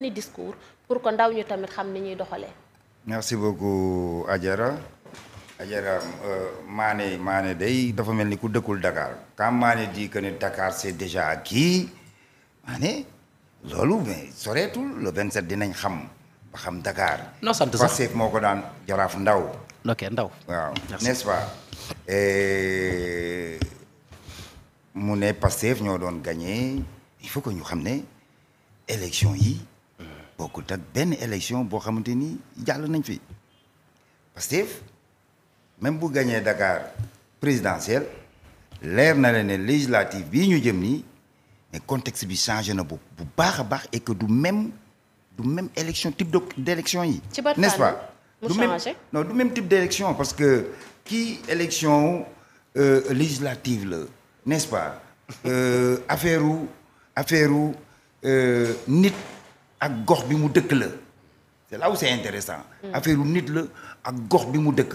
ni discours pour que xam ni ñuy doxalee. merci Ajara Ajara euh, Mané Mané dafa mel ni ku dëkkul Dakar quand Mané dit que ne Dakar c'est déjà acquis Mané dinañ xam ba xam Dakar. moo ko daan jaraaf ndaw. ok ndaw. waaw nest pas. mu ne ñoo doon gagné il faut que ñu xam ne élection yi. bokkut ak benn élection boo xamante ni jàll nañ fi Pastef même bu gañee Dakar présidentiel leer na leen ne législative bii ñu jëm nii mais contexte bi changé na bu bu baax a baax et que du même du même élection type de d'élection yi n'est-ce pas du même non du parce que kii élection euh, législative la n'est-ce pas euh, affaire u affaire u euh, nit ak gox bi mu dëkk la c'est là où c'est intéressant mm. affaire nit la ak gox bi mu dëkk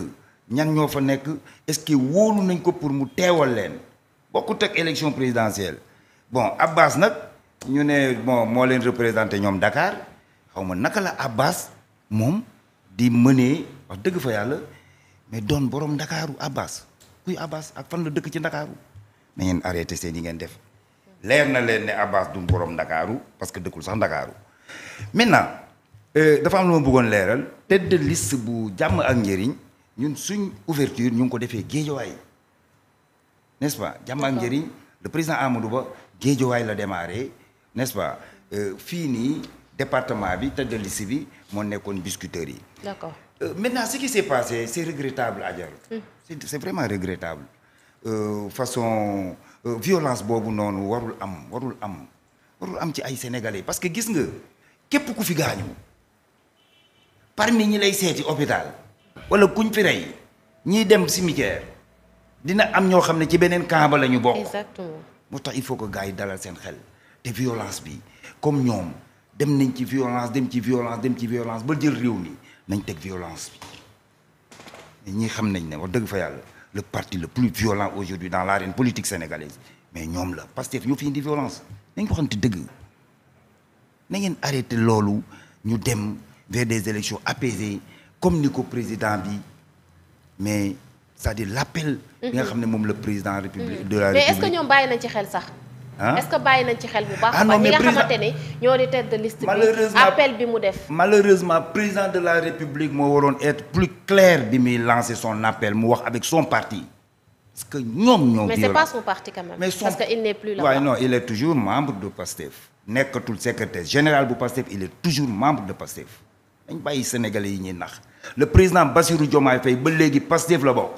ñan ñoo fa nekk est-ce que wóolu nañ ko pour mu teewal leen bokkut ak élection présidentielle bon Abbas nag ñu ne bon moo leen représenté ñoom ndakaar xaw ma naka la Abbas moom di mënee wax dëgg fa yàlla mais doon borom Ndakaaru Abbas kuy Abbas ak fan la dëkk ci Ndakaaru na ngeen arrêté seen yi ngeen def leer na leen ne Abbas du borom Ndakaaru parce que dëkkul sax Ndakaaru maintenant euh, dafa am lu ma bëggoon leeral tête de liste bu jàmm ak njëriñ ñun suñ ouverture ñu ngi ko defee géejowaay n'est-ce pas jàmm ak njëriñ le président Amadou Ba géejowaay la démarré n'est-ce euh, fii nii département bi tête de bi moo nekkoon biscuiterie yi d'accord euh, maintenant ce qui s'est passé c'est regrettable Adja c'est c'est vraiment regrettable euh, façon euh, violence boobu noonu warul am warul am warul am ci ay sénégalais parce que gis nga képp ku fi gaañu parmi ñi lay seeti hôpital wala kuñ fi rey ñiy dem cimetière dina am ñoo xam ne ci beneen camp ba la ñu bokk. exactement moo tax il faut que gars yi dalal seen xel te violence bi comme ñoom dem nañ ci violence dem ci violence dem ci violence ba jël réew mi nañ teg violence bi ñi xam nañ ne wax dëgg fa yàlla le parti le plus violent aujourd'hui dans l'arène politique sénégalaise mais ñoom la Pastef ñoo fi indi violence nañ ko xam te dëgg. na ngeen arrêté loolu ñu dem vers des élections apaisées comme ni ko président bi mais c'est-à-dire l'appel bi nga xam ne moom le président république mm-hmm. la république mais est-ce que ñoom bàyyi ci xel sax que bàyyi ci xel bu baax ah baax ñi nga xamante ne ñoo di tête de liste bi appel bi mu def malheureusement président de la république moo waroon être plus clair bi muy lancer son appel mu wax avec son parti parce que ñoom ñoo mais c'est pas son parce que n'est plus là-bas toujours membre de PASTEF nekkatul secrétaire général bu PASTEF il est toujours membre de PASTEF dañ bàyyi sénégalais yi ñuy nax le président Bassirou Diomaye Faye ba léegi PASTEF la bokk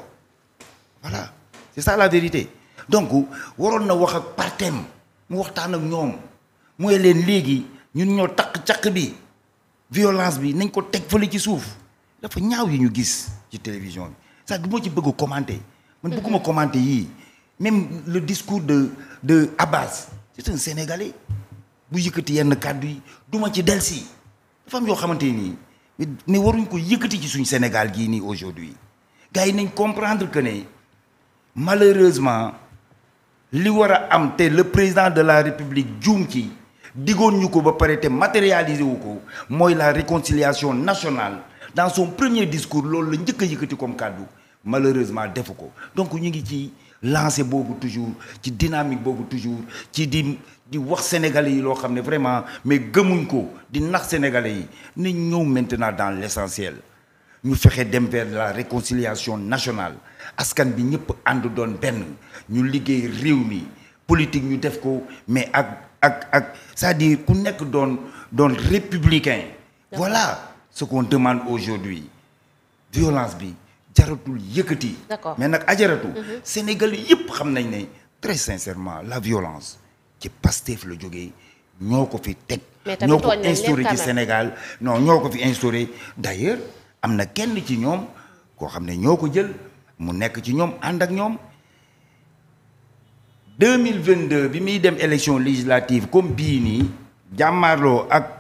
voilà c'est ça la vérité donc waroon na wax ak partem mu waxtaan ak ñoom mooy leen léegi ñun ñoo takk caq bi violence bi nañ ko teg fële ci suuf dafa ñaaw yi ñu gis ci télévision bi sax du ma ci bëgg commenter man bëgguma commenter yii même le discours de de Abbas ci un Sénégalais bu yëkkati yenn kàddu yi duma ci delsi dafa am yoo xamante nii mais waruñ ko yëkkati ci suñ Sénégal gii nii aujourd'hui gars yi nañ comprendre que ne malheureusement li war a am te le président de la république juum ci digoon ñu ko ba pare te matérialiser wu ko mooy la réconciliation nationale dans son premier discours loolu la njëkk a yëkkati comme kàddu malheureusement defu ko donc ñu ngi ci lancé boobu toujours ci dynamique boobu toujours ci di di wax sénégalais yi loo xam ne vraiment mais gëmuñ ko di nax sénégalais yi na ñëw maintenant dans l'essentiel ñu fexe dem vers la réconciliation nationale askan bi ñëpp ànd doon benn ñu liggéey réew mi politique ñu def ko mais ak ak ak c'est-à-dire ku nekk doon doon républicain voilà ce qu'on demande aujourd'hui violence bi jaratul yëkkati mais nag ajaratu mm-hmm. sénégalais yëpp xam nañ ne très sincèrement la violence ci Pastef la jógee ñoo ko fi teg. ñoo ko instauré ci Sénégal non ñoo ko fi instauré d'ailleurs am na kenn ci ñoom koo xam ne ñoo ko jël mu nekk ci ñoom ànd ak ñoom. 2022 bi muy dem élection législative comme bii nii jàmmaarloo ak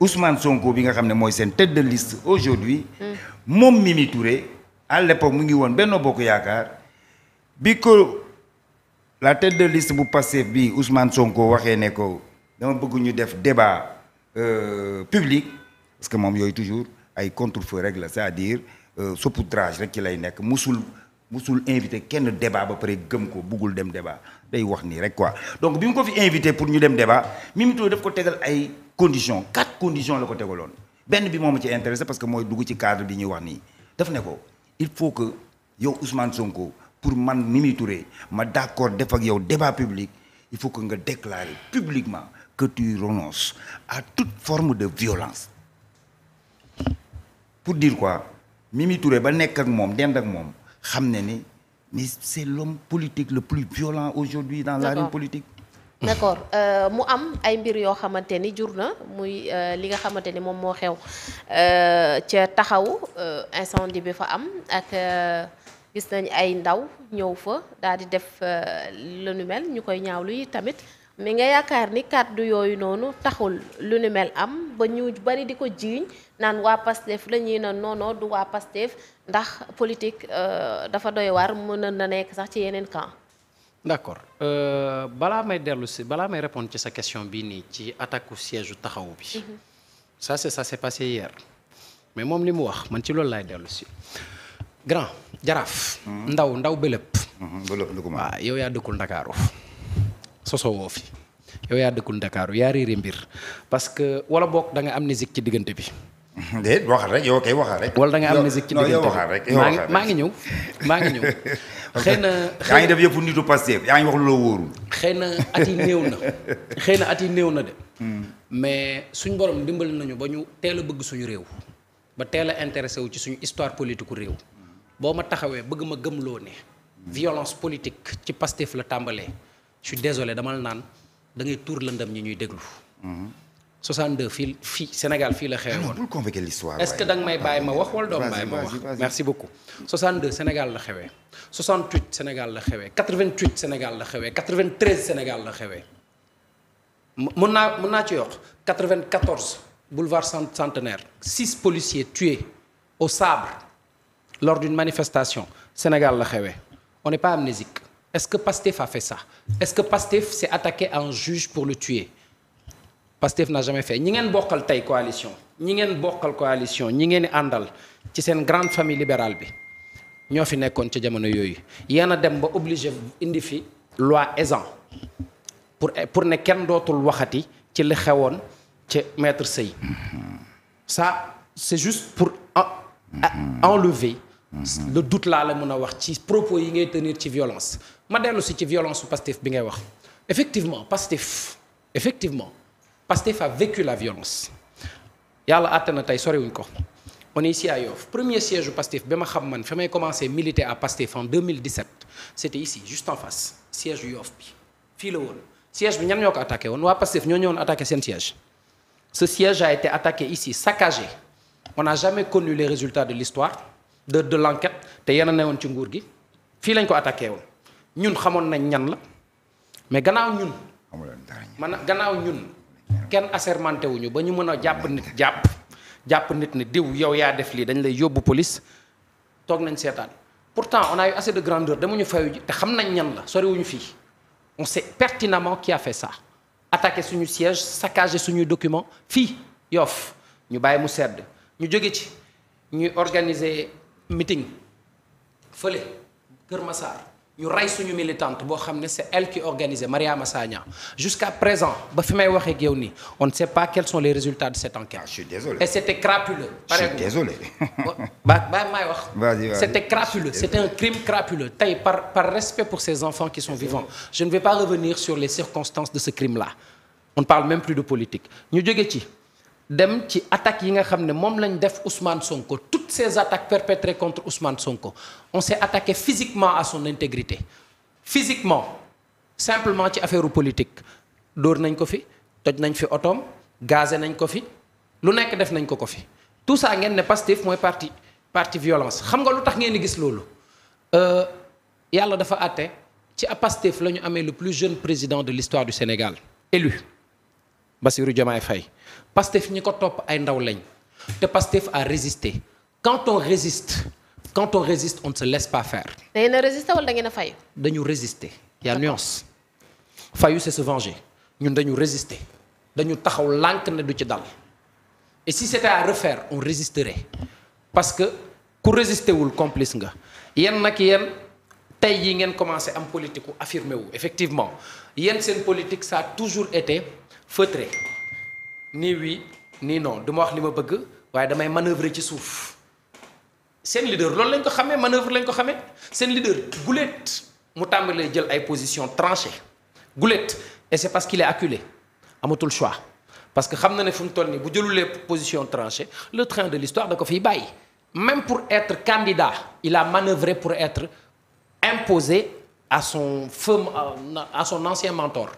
Ousmane Sonko bi nga xam ne mooy seen tête de liste aujourd'hui mm. moom Mimi Touré à l'époque mu ngi woon Benno Bokk Yaakaar bi ko. la tête de liste bu Pastef bi Ousmane Sonko waxee ne ko dama bëgg ñu def débat euh, public parce que moom yooyu toujours ay contre rek la c'est-à-dire euh, saupoudrage rek ci lay nekk musul musul invité kenn débat ba pare gëm ko buggul dem débat day wax nii rek quoi donc bi mu ko fi invité pour ñu dem débat Mimi def ko tegal ay conditions quatre conditions la ko tegaloon benn bi moom ci intéressé parce que mooy dugg ci cadre bi ñuy wax nii def ne ko il faut que yow Ousmane Sonko. pour man Mimi Touré ma d'accord def ak yow débat public il faut que nga déclarer publiquement que tu renonces à toute forme de violence pour dire quoi Mimi ba nekk ak moom dend ak moom xam ne ni mais c'est l'homme politique le plus violent aujourd'hui dans l'arène politique d'accord euh, mu am ay mbir yoo xamante ni jur na muy euh, li nga xamante ni moom moo xew euh, ca taxaw incendie bi fa am ak gis nañ ay ndaw ñëw fa daal di def euh, lu nu mel ñu koy ñaawlu yi tamit mi nga yaakaar ni kàddu yooyu noonu taxul lu nu mel am ba ñu bari di ko jiiñ naan waa Pastef la ñuy na noonoo du waa Pastef ndax politique euh, dafa doy waar mën na nekk sax ci yeneen camp. d'accord euh, balaa may dellu si balaa may répondre ci sa question bii nii ci attaque siège taxawu bi. Mhm. ça mais moom li mu wax man ci loolu laay dellu si. grand jaraaf. Mhm. ndaw ndaw bëlëb. bëlëb dugg yow yaa dëkkul ndakaaru sosoo woo fi yow yaa dëkkul ndakaaru yaa réere mbir parce que wala boog da nga am musique ci diggante bi. déet yow kay waxal rek. wala da nga am musique ci maa ngi ñëw maa ngi ñëw. xëy na yaa ngi def yëpp nitu Pastef yaa ngi wax lu la wóorul. xëy na at yi néew na xëy na at yi néew na de. Hmm. mais suñ borom dimbali nañu ba ñu teel a bëgg suñu réew. ba teel a intéressé wu ci suñu histoire politique réew. boo ma taxawee bëgg ma gëmloo ne violence politique ci Pastef la tàmbalee su suis désolé dama la naan da ngay tuur lëndëm ñi ñuy déglu. 62 fii fii Sénégal fii la xewe ah woon. bul convoquer l'histoire est-ce que da may bàyyi ma wax wala doo ma bàyyi ma wax. merci beaucoup Sénégal la xewee 68 Sénégal la xewee 88 Sénégal la xewee 93 Sénégal la naa mën naa ci yokk 94 boulevard centenaire 6 policiers tués au sabre. lors d'une manifestation Sénégal la xewee on n'est pas amnésique est-ce que Pastef a fait ça est-ce que Pastef s'est attaqué à un juge pour le tuer Pastef n'a jamais fait ñi ngeen bokkal tey coalition ñi ngeen bokkal coalition ñi ngeen àndal ci seen grande famille libérale bi ñoo fi nekkoon ca jamono yooyu yéen a dem ba obligé indi fi loi Ezzan pour pour ne kenn dootul waxati ci li xewoon ci maître sëy ça c'est juste pour enlever Mm-hmm. le doute laa la mun a wax ci propos yi ngay tenir ci violence ma dellu si ci violence su Pastef bi ngay wax effectivement Pastef effectivement Pastef a vécu la violence yàlla àtte na tey soriwuñ ko on est ici à Yoff premier siège Pastef bi ma xam man fi may commencé militer à Pastef en 2017 c'était ici juste en face siège yu Yoff bi fii la woon siège bi ñan ñoo ko attaqué woon waa Pastef ñoo ñoo attaqué seen siège ce siège a été attaqué ici saccagé n'a jamais connu les résultats de l'histoire de de l'enquête te yéen a newoon ci nguur gi fii lañ ko attaqué woon ñun xamoon nañ ñan la mais gannaaw ñun. man a gannaaw ñun kenn assermenté wuñu ba ñu mën a jàpp nit jàpp jàpp nit ne diw yow yaa def lii dañ lay yóbbu police toog nañ seetaan pourtant on a eu assez de grandeur demuñu fayu ji te xam nañ ñan la soriwuñu fii on sait pertinemment qui a fait ça attaqué suñu siège saccagé suñuy document fii Yoff ñu bàyyi mu sedd ñu jóge ci ñuy organiser meeting fële Kër Massar ñu rey suñu militante boo xam ne c'est elle qui organisait Mariama Sagna jusqu'à présent ba fi may waxee ak yow on ne sait pas quels sont les résultats de cette enquête. Ah, je suis désolé et c'était crapuleux. wax. vas-y vas-y c'était crapuleux c'était un crime crapuleux tey par par respect pour ces enfants qui sont vivants je ne vais pas revenir sur les circonstances de ce crime-là on ne parle même plus de politique ñu jóge ci. dem ci attaques yi nga xam ne moom lañ def Ousmane Sonko toutes ces attaques perpétrées contre Ousmane Sonko on s'est attaqué physiquement à son intégrité physiquement simplement ci affaire politique dóor nañ ko fi toj nañ fi otoom gazé nañ ko fi lu nekk def nañ ko ko fi tout ça ngeen ne Pastef mooy parti parti violence xam nga lu tax ngeen di gis loolu euh, yàlla dafa atte ci Pastef la ñu amee le plus jeune président de l'histoire du Sénégal Bassirou Diomaye Faye Pastef ñi ko topp ay ndaw lañ te Pastef a résisté quand on résiste quand on résiste on ne se laisse pas faire. da ngeen a résister wala da a fay. dañu résister y a fayu c'est se venger ñun dañu résister dañu taxaw lank ne du ci dal et si c'était à refaire on résisterait parce que ku résister wul complice nga yéen nag yéen tey yi ngeen commencé am politique ku affirmé wu effectivement yéen seen politique ça toujours été. feutré nii oui nii non du wax li ma bëgg waaye damay manœuvrer ci suuf seen leader loolu lañ ko xamee manœuvre lañ ko xamee seen leader gulet mu tàmbalee jël ay position tranchée gulet et c'est parce qu'il est acculé amatul choix parce que xam na ne fu mu toll nii bu jëlulee position tranchée le train de l'histoire da ko fii bàyyi même pour être candidat il a manœuvré pour être imposé à son feu à son ancien mentor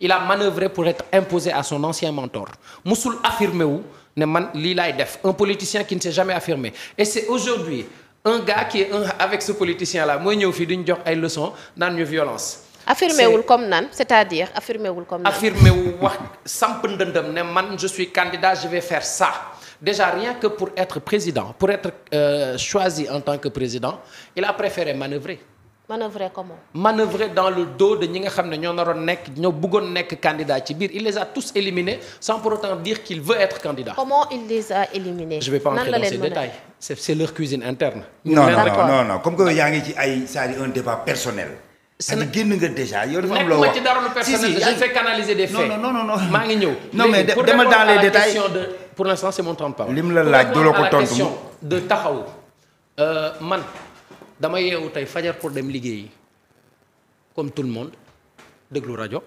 il a manœuvré pour être imposé à son ancien mentor musul affirmé wu ne man lii laay def un politicien qui ne s'est jamais affirmé et c'est aujourd'hui un gars qui est un politicien là mooy ñëw fii duñ jox ay leçons naan ñu violence. affirmé wul comme nan c'est-à-dire affirmé wul comme nan. affirmé wu wax samp ndëndam ne man je suis candidat faire ça déjà rien pour être président pour être euh, choisi en tant que président il a préféré manœuvrer. manœuvrer comment. dans le dos de ñi xam ne ñoo naroon nekk ñoo bëggoon nekk candidat ci biir il les a tous éliminés sans pour autant dire qu'il veut être candidat. je vais pas entrer dans ces détails c'est leur cuisine interne. non non non comme que ya ngi ci ay c'est-à-dire un débat personnel. sën génn nga déjà yow dafa am mais demal dans les détails pour l'instant c'est mon temps lim la la ko de taxaw euh, dama yeewu tey fajar pour dem liggéeyi comme tout le monde déglu rajo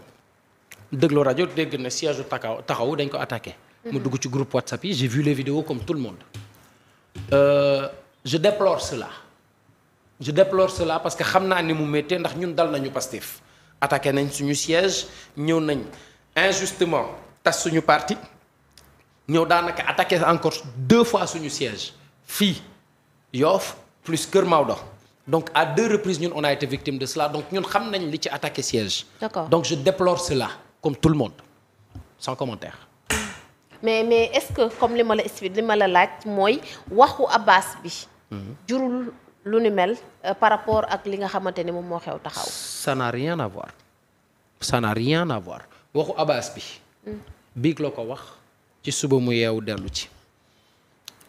déglu rajo dégg na siège u taxaw dañ ko attaqué. mu dugg ci groupe WhatsApp yi j'ai vu les comme tout le monde. Euh, je déplore cela je déplore cela parce que xam naa ni mu méttee ndax ñun dal nañu Pastef attaqué nañ suñu siège ñëw nañ injustement tas suñu parti ñëw daanaka attaqué encore deux fois suñu siège fii Yoff plus Kër Maodo. donc à deux reprises ñun on a été victime de cela donc ñun xam nañ li ci attaqué siège. d'accord donc je déplore cela comme tout le monde sans commentaire. mais mais est-ce que comme li ma la expliqué li ma la laaj mooy waxu Abbas bi. Mhm. jurul lu ni mel euh, par rapport ak li nga xamante ni moom moo xew taxaw. ça n'a rien à voir ça n'a rien à waxu Abbas bi. Mm. biig la ko wax ci suba mu yeewu dellu ci.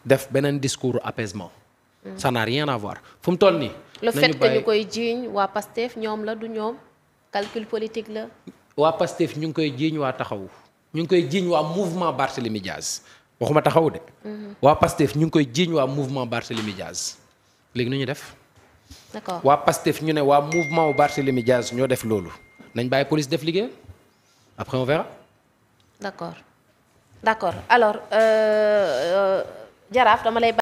def beneen discours apaisement. Mm. ça rien à fu mu toll nii. le fait que ñu koy jiiñ waa Pastef ñoom la du ñoom calcul politique la. waa Pastef ñu ngi koy jiiñ waa taxawu ñu ngi koy jiiñ waa mouvement Barthélemy Diaz waxuma taxawu de. Mhm. waa Pastef ñu ngi koy jiiñ waa mouvement Barthélemy Diaz léegi nu ñu def. d'accord waa Pastef ñu ne waa mouvement Barthélemy Diaz ñoo def loolu nañ bàyyi police def liggéey après on verra. d'accord d'accord euh, euh, jaraaf dama lay.